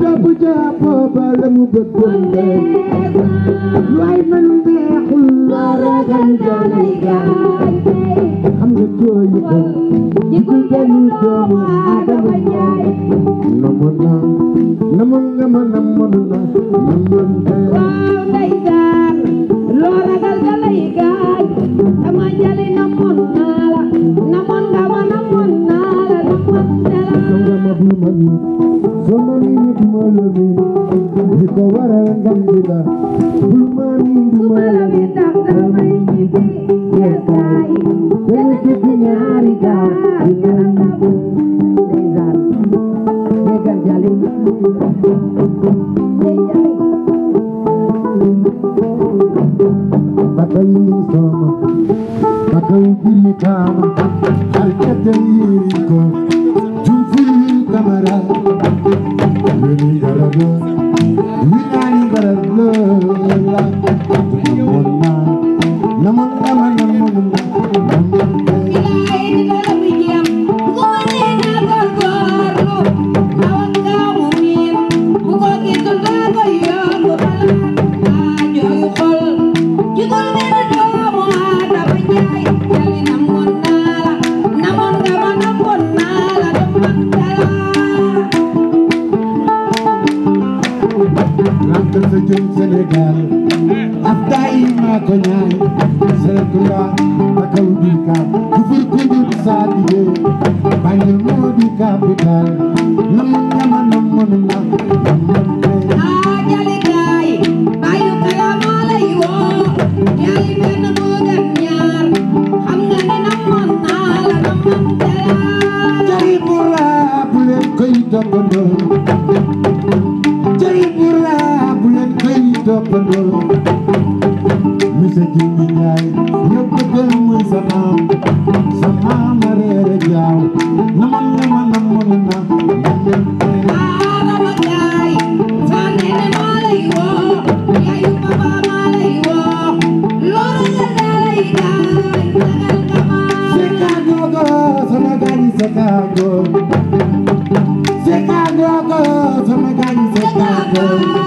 topp jàpp ba la mu bëggoon dee waay man neexul ma ragal doole gaay xam nga jooyu ko jikko jëlu doomu Adama Njaay namoon naa namoon nga ma namoon na namoon nga loo ragal doole gaay nandila Bumani Bumalagi Takdamay Hindi Yasay Ganagit nangyari ka Inarangkap Dezar Degar jaling Dejaling Bakay sama Bakay dili kama Alkatayiri ko Jumfuri kamara Beni yaraga golden cup Defeated in Sadie Bangal Modi capital Nam nam nam nam nam nam Ah, jali jai Bayu kala mala yo Jali ben mogan yar Ham nga ne nam man tala nam nam tala Jari pura bulen koy dogodo Jari pura bulen koy dogodo bi sa jiw bi njaay ñëpp bëggal muy sa maam sa maam a reere jaaw na man na man na man na Chicago, Chicago, Chicago.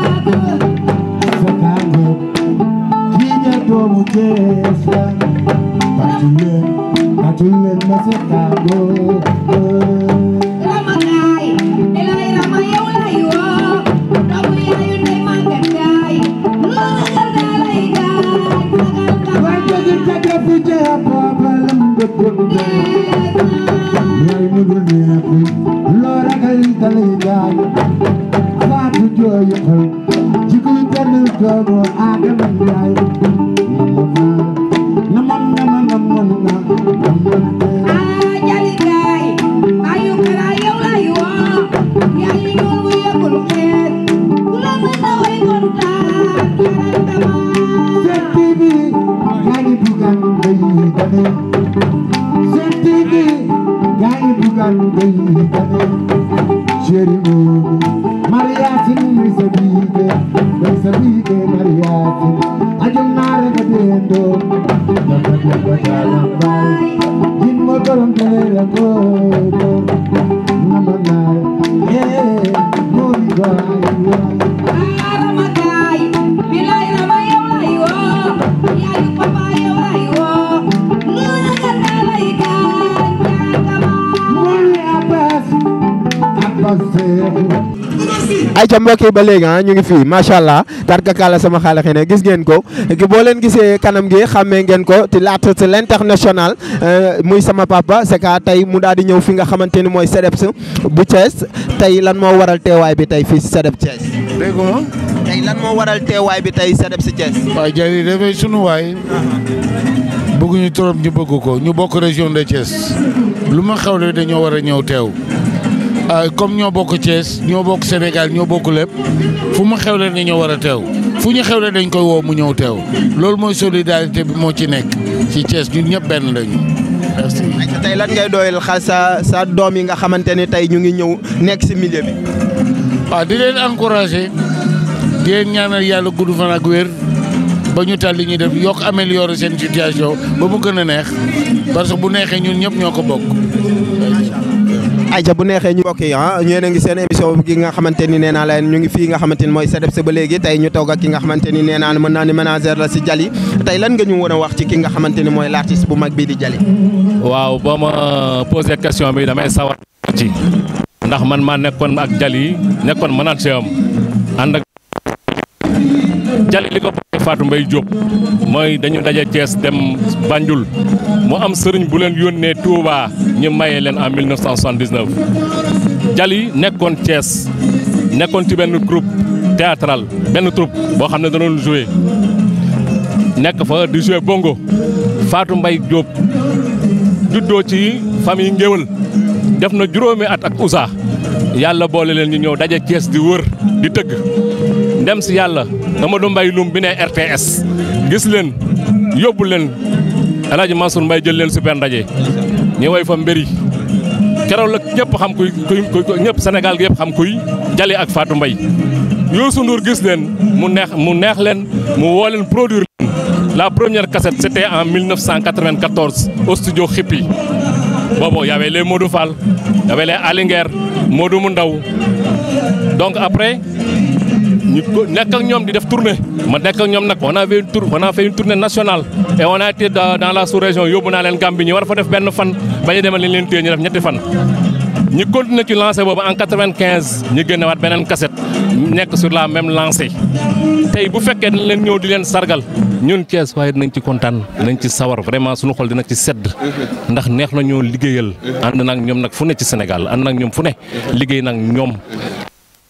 te pregunté ca mbokk ba léegi ah ñu ngi fi macha allah tarkakaala sama xaala xene gis ngeen ko boo leen gisee kanam gi xàmmee ngeen ko ci l'artiste l'international euh, muy sama papa c'est tey mu daal di ñëw fi nga xamante ni mooy CDEPS bu Thiès tey lan moo waral teewaay bi tey fii si Thiès. dégg nga. tey lan moo waral teewaay bi tey CDEPS Thiès. waaw jërëjëf dafay sunu waay. bëgguñu trop ñu bëgg ko ñu bokk région de Thiès lu ma xawle dañoo war a ñëw teew. Euh, comme ñoo bokk Thiès ñoo bokk Sénégal ñoo bokk lépp fu mu xewle ni ñoo war a teew fu ñu xewle dañ koy woo mu ñëw teew loolu mooy solidarité bi moo ci nekk ci Thiès ñun ñëpp benn lañu merci. tey lan ngay doyal xal sa sa doom yi nga xamante ni tey ñu ngi ñëw nekk si milieu bi. waaw ah, di leen encouragé di ñaanal yàlla gudd fan ak wér ba ñu tal li ñu def yokk améliorer seen situation ba mu gën a neex parce que bu neexee ñun ñëpp ñoo ko bokk. ayca bu nexé ñu bokki yi ñeena ah, ngi seen émission bi nga xamanteni néna nee ñu ngi fi nga xamanteni moy mooy CDEPS ba légui tay ñu togg ak ki nga xamanteni néna na mëna ni manager la ci Jali tay lan nga ñu war wax ci ki nga xamanteni moy l'artiste bu mag bi di Jali waaw boo ma posé question bi damay sawar ci ndax man ma nekkon ak Dialy nekkoon manager am and ak Jali liko bokk Fatou Mbaye Diop moy dañu dajé Thiès dem Banjul mo am serigne bu len yónnee Touba ñu maye leen en 1979. Jali nekkoon Thiès nekkoon ci benn groupe théâtral benn troupe boo xam ne danoon joué nekk fa di joué bongo faatu mbay jóob juddoo ci famille njéwal def na juróomi at ak usa yàlla boole leen ñu ñëw daje Thiès di wër di tëgg ndem si yàlla Amadou mbay Loum bi ne RTS gis leen yóbbu leen El Hadj mbay jël leen super ndaje ñu woy fa mbëri keroog la ñëpp xam kuy kuy ñëpp Sénégal gi yëpp xam kuy Jali ak Fatou mbay Youssou Ndour gis leen mu neex mu neex leen mu woo leen produir leen la première cassette c' était en 1994 au studio Xippi boobu y avait les Modou Fall y avait les Alinguer Modou mu ndaw donc après ñu nekk ak ñoom di def tournée ma nekk ak ñoom nag on a fait une a fait tournée nationale et on a été la sous-région yóbbu naa leen Gambie ñu war fa def benn fan ba ñu demee leen téye ñu def ñetti fan ñu continuer ci lancé boobu en 95 ñu waat beneen cassette nekk sur la même lancée tey bu fekkee dañ leen ñëw di leen sargal ñun Thiès waaye dinañ ci kontaan dinañ ci sawar vraiment suñu xol dina ci sedd ndax neex na ñoo liggéeyal ànd nag ñoom nag fu ne ci Sénégal ànd nag ñoom fu ne liggéey nag ñoom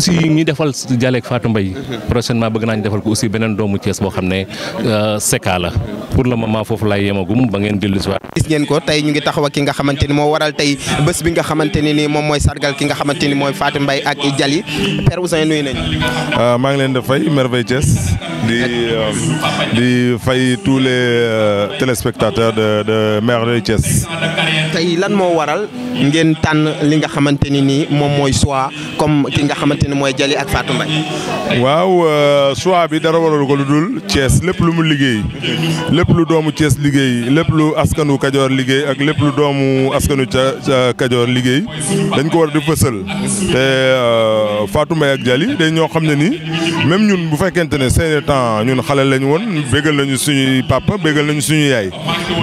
si ñi defal Jaleek Fatou Mbaye mhm. prochainement bëgg naa ñu defal ko aussi beneen doomu Thiès boo xam ne euh, Secka la pour le moment fofu lay yemagum ba ngeen delu ci wat gis ngeen ko tay ñu ngi taxaw ak ki nga xamanteni mo waral tay bëss bi nga xamanteni ni mom moy sargal ki nga xamanteni moy mooy bay ak Dialy Père nuy nañ euh ma ngi leen di fay Merveille di euh, di fay tous les euh, téléspectateurs de de Merveille Thiès. tay lan mo waral ngeen tan li nga xamanteni ni mom moy mooy comme ki nga xamanteni moy mooy ak Fatou bay waaw euh, choix bi dara waral ko luddul dul lepp lu mu liggey lépp lu doomu Thiès liggéey lépp lu askanu Kajoor liggéey ak lépp lu doomu askanu ca ca Kajoor liggéey dañ ko war di fësal te euh, Fatou Mbaye ak Dialy day ñoo xam ne nii même ñun bu fekkente ne seen temps ñun xale lañ woon bégal nañu suñuy papa bégal nañu suñu yaay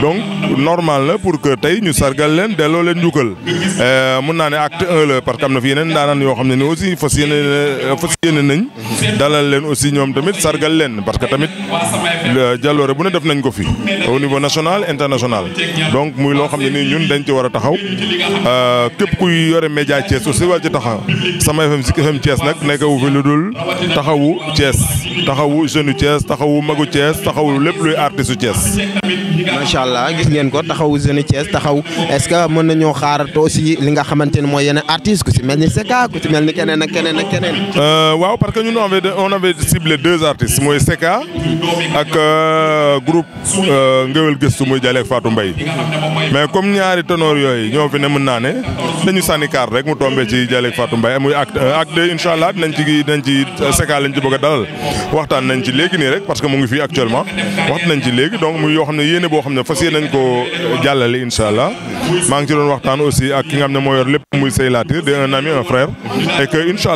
donc normal la pour que tey ñu sargal leen delloo leen njukkal euh, mun naa ne acte un la parce que am na fi yeneen daanaan yoo xam ne ni aussi fas yéene fas yéene nañ dalal leen aussi ñoom tamit sargal leen parce que tamit ko fi au niveau national international donc muy loo xam ne nii ñun dañ ci war a taxaw euh, képp kuy yore média Thiès aussi war ci taxaw sama FM Zik FM Thiès nag nekkawu fi lu dul taxawu Thiès taxawu jeune Thiès taxawu magu Thiès taxawu lépp luy artiste su Thiès. macha allah gis ngeen ko taxawu jeune Thiès taxaw est-ce que mën nañoo xaarate aussi li nga xamante ne mooy yeneen artistes ku ci mel ni Seka ku ci mel ni keneen ak keneen euh, waaw parce que ñun on avait deux Euh, ngéwél gëstu muy jaleeg Fatou Mbaye mais comme ñaari ténor yooyu ñoo fi ne mën naa ne dañu sànni kaar rek mu tombé ci jaleeg Fatou Mbaye muy acte euh, acte deux incha allah ci dinañ euh, lañ ci bëgg a dalal waxtaan nañ ci léegi nii rek parce que mu ngi fii actuellement waxtu nañ ci léegi donc yoo xam ne yéene boo xam ne fas yéene nañ ko jàllale incha maa ngi ci doon waxtaan aussi ak ki nga xam ne moo yor lépp muy Sey Latir di un ami un frère et que incha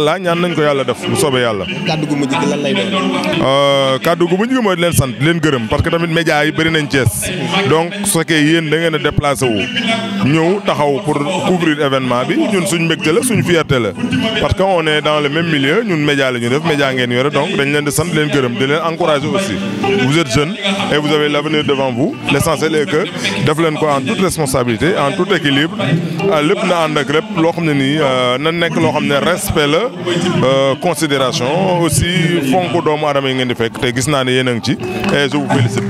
donc ce qui pour couvrir événement parce qu'on est dans le même milieu nous donc dañ encourager aussi vous êtes jeunes et vous avez l'avenir devant vous l'essentiel est que vous leen quoi, en toute responsabilité en tout équilibre na euh, respect euh, considération aussi et je vous félicite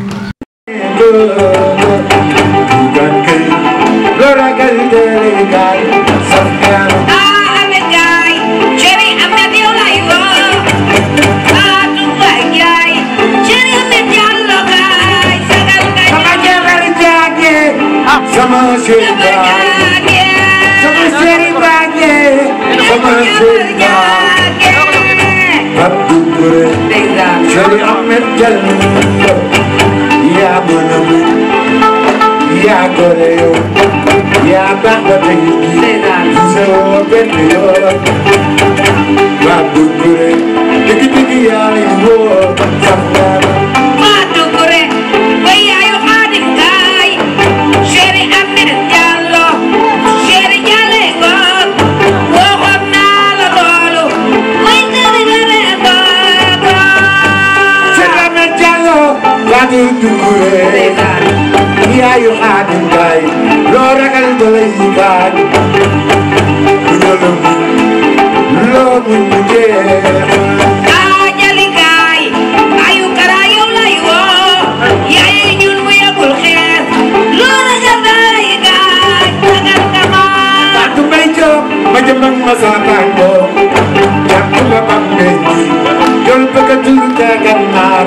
Jadi Ahmed Jalil yaa doole yow yaa baax ba tey. baay loo ragal dalay gaañ du ñu la muñ loo muñ mu jeex mang ma sa tango Jangan lupa bang benji Jangan pakai dulu jangan mar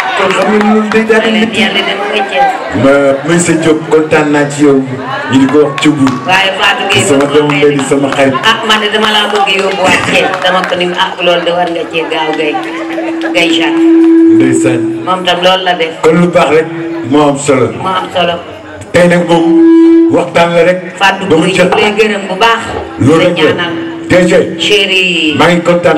kon xam nga ñun day daal di liggéey. monsieur Diop kontaan naa ci yow. ñu di ko wax Thioub. waaye Fatou Gueye sama doomu ndey di sama xarit. ah man de dama laa bëgg yóbbuwaat Thiel dama ko ni ah loolu de war nga cee gaaw gay gay Jacques. ndeysaan. moom tam loolu la def. kon lu baax rek moo am solo. moo am solo. tey nag moom waxtaan la rek. ba mu jot Fatou Gueye bu baax. loolu rek la DG. chéri maa ngi kontaan.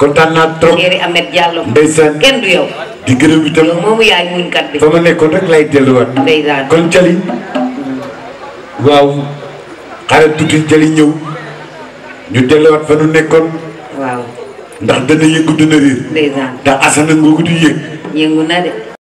kontaan naa trop Thierry Ahmed Diallo. ndeysaan kenn du yow. di gërëm itam moomu yaay muñ kat bi. fa ma nekkoon rek lay delluwaat. ndeysaan kon Jali. waaw xaaral tuuti Jali ñëw ñu delluwaat fa nu nekkoon. waaw ndax dana yëngu dana réer. ndeysaan ndax asana ngoogu di yëg. yëngu na de.